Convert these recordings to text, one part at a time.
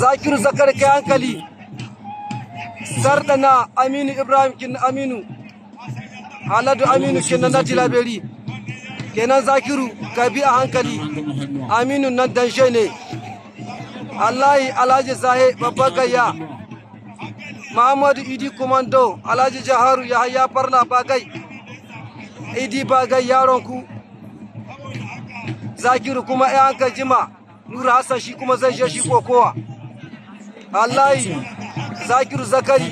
zakiru zakar kai hankali sardana aminu ibrahim kin aminu haladu aminu kin na tilaberi kenan zakiru ka bi a hankali aminu nan danshe ne allahi alhaji zahe babban gayya muhammadu idi kumando alhaji jaharu ya haya farla bagai idi bagai yaronku zakiru kuma ya hankali jima nura hassan shi kuma zai je shi kokowa wallahi zakiru zakari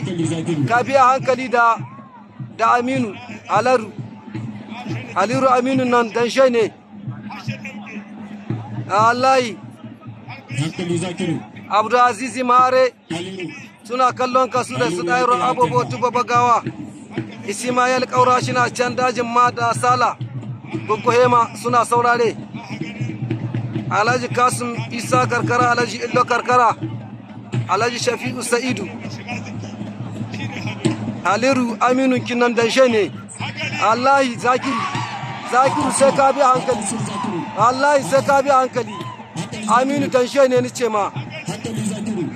ka biya hankali da da aminu alaru aliru aminu nan dan shai ne wallahi abdulazizi mare suna kallon ka su da su ɗayar abubuwa tuba bagawa ismail kaura shi na can dajin mata sala gugu hema suna saurare alhaji kasim isa karkara alhaji illo karkara alhaji shafi'u sa'idu aliru aminu kinan danshe ne allahi zakiru zakiru sai ka bi hankali allahi sai ka bi hankali aminu danshe ne ni ce ma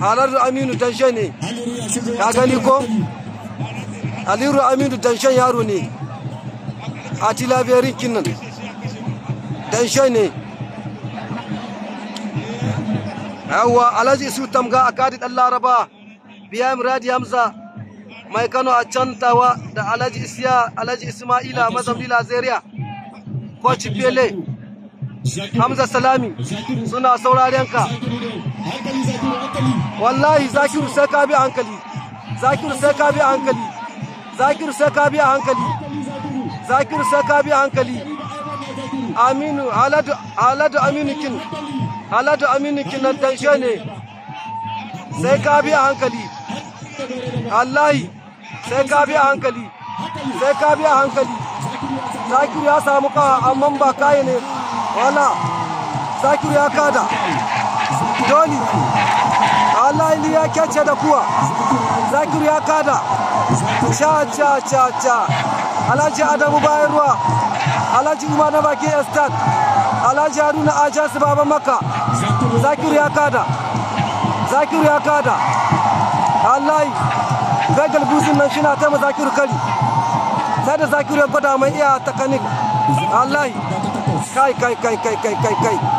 halaru aminu danshe ne ka gani ko aliru aminu danshe yaro ne a tilabiyarin kinan danshe ne yawwa alhaji isu tamga a kadi dan laraba biya radi hamza mai kano a cantawa da alhaji isiya alhaji ismaila mazamni lazeriya coach pele hamza salami suna sauraren ka wallahi zakiru sai ka bi hankali zakiru sai ka bi hankali zakiru sai ka bi hankali zakiru sai ka bi hankali aminu haladu aminu kin halatu aminu kinan tanshe ne sai ka bi a hankali Allahi. sai ka bi a hankali sai ka bi a hankali zakiru ya samu ka amma ba kaye ne wala zakiru ya kada doni wallahi ya kece da kuwa zakiru ya kada cha cha cha cha alhaji adamu bayan ruwa alhaji umar na baki estat alhaji haruna su baban maka zakiru ya kada zakiru ya kada allahi kai galbusin nan shina ta zakiru kari sai da zakiru ya gwada mai iya takanik allahi kai kai kai kai kai kai